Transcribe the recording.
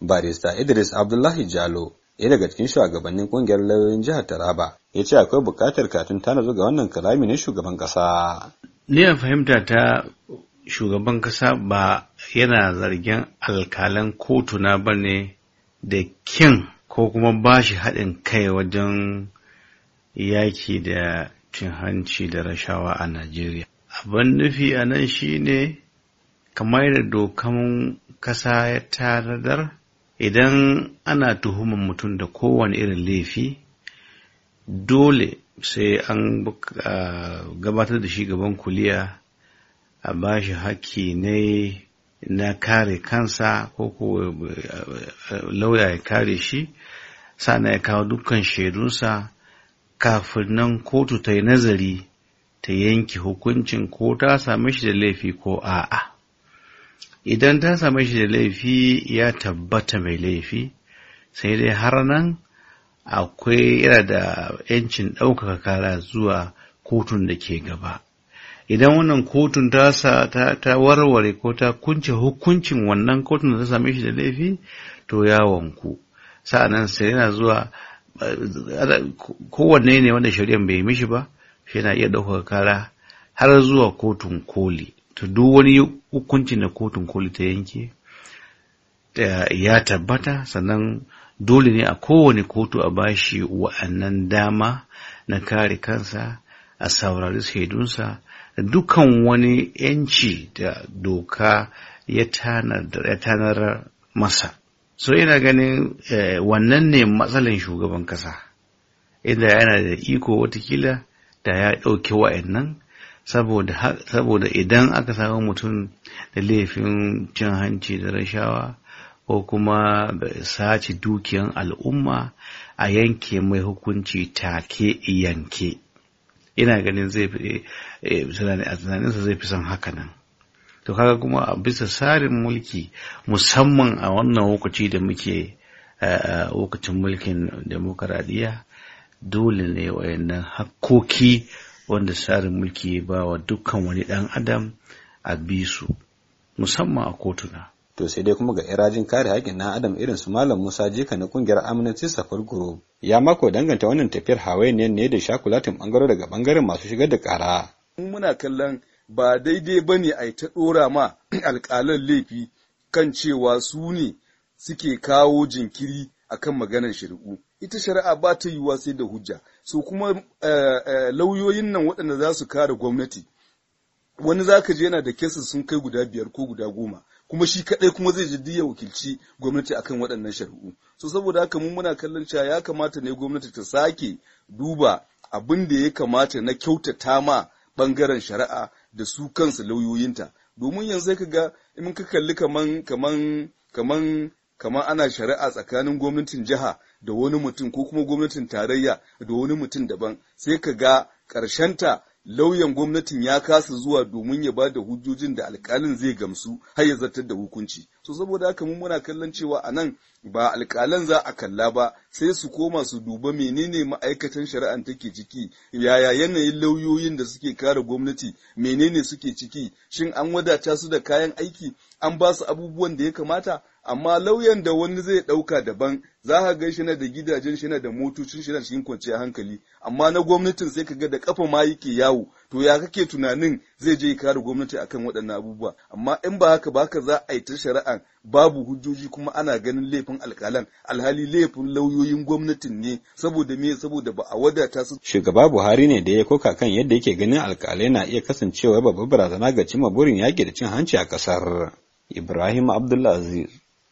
barista idris abdullahi jalo ya daga cikin shugabannin kungiyar lauyoyin jihar taraba ya ce akwai buƙatar katun tana ga wannan kalami na shugaban ƙasa ni a fahimta ta shugaban ƙasa ba yana zargin alkalan kotuna ba ne da kin ko kuma ba shi haɗin kai wajen yaki da cin hanci da rashawa a najeriya abin nufi a nan shine kamar da dokan kasa ya taradar idan ana tuhuman mutum da kowane irin laifi dole sai an gabatar da shi gaban kuliya a ba shi haƙƙi ne na kare kansa ko ko lauya ya kare shi sana ya kawo dukkan shaidunsa kafin nan kotu ta yi nazari ta yanke hukuncin ko ta same shi da laifi ko a'a. idan ta same shi da laifi ya tabbata mai laifi sai dai har nan akwai yana da 'yancin ɗaukaka kara zuwa kotun da ke gaba idan wannan kotun ta ta warware ko ta kunce hukuncin wannan kotun da ta same shi da laifi to ya wanku sa'annan sai yana zuwa eh, kowanne ne wanda shari'ar bai mishi ba shi yana iya ɗaukaka kara har zuwa kotun koli to duk wani hukuncin da kotun koli ta yanke ya tabbata sannan dole ne a kowane kotu a bashi wa'annan dama na kare kansa a saurari shaidunsa da dukan wani yanci da doka ya tanar masa so ina ganin eh, wannan ne matsalin shugaban kasa inda yana da iko watakila da ya ɗauki wa'annan saboda idan aka samu mutum da laifin cin hanci da rashawa ko kuma sace dukiyan al'umma a yanke mai hukunci take yanke ina ganin zai fi eh, a tunaninsa zai fi son haka nan to kaga kuma a bisa tsarin mulki musamman a wannan lokaci da muke eh, lokacin mulkin demokaradiyya dole ne wayannan hakkoki wanda tsarin mulki ya ba wa dukkan wani ɗan adam a bisu musamman a kotuna. To sai dai kuma ga irajin kare haƙƙin na adam irin su Malam Musa Jika na ƙungiyar Amnesty Safar Group. Ya mako danganta wannan tafiyar hawainiyar ne da shakulatin ɓangare daga ɓangaren masu shigar da ƙara. Muna kallon ba daidai ba ne a ta ɗora ma alƙalan laifi kan cewa su ne suke kawo jinkiri akan maganar shari'u. ita shari'a ba ta yiwuwa sai da hujja so kuma eh, eh, lauyoyin nan waɗanda za su kare gwamnati wani za ka je yana da kesin sun kai guda biyar ko guda goma kuma shi kaɗai kuma zai ji ya wakilci gwamnati akan waɗannan shari'u so saboda haka mun muna kallon cewa ya kamata ne gwamnati ta sake duba abin da ya kamata na kyautata ma ɓangaren shari'a da su kansu lauyoyinta domin yanzu ka ga in ka kalli kaman kaman kaman kamar ana shari'a tsakanin gwamnatin jiha da wani mutum ko kuma gwamnatin tarayya da wani mutum daban sai ka ga ƙarshen ta lauyan gwamnatin ya kasa zuwa domin ya ba da hujjojin da alkalin zai gamsu har ya zartar da hukunci so saboda haka mun muna kallon cewa a nan ba alkalan za a kalla ba sai su koma su duba menene ma'aikatan shari'an take ciki yaya yanayin lauyoyin da suke kare gwamnati menene suke ciki shin an wadata su da kayan aiki an ba su abubuwan da ya kamata amma lauyan da wani zai ɗauka daban za ka ga shi na da gidajen shi na da motocin shi na cikin kwanciyar hankali amma na gwamnatin sai ka ga da kafa ma yake yawo to ya kake tunanin zai je kare gwamnati akan waɗannan abubuwa amma in ba haka ba haka za a yi ta shari'an babu hujjoji kuma ana ganin laifin alƙalan alhali laifin lauyoyin gwamnatin ne saboda me saboda ba a wadata su shugaba Buhari ne da ya koka kan yadda yake ganin alƙalai na iya kasancewa babbar barazana ga cimma burin yaƙi da cin hanci a ƙasar Ibrahim Aziz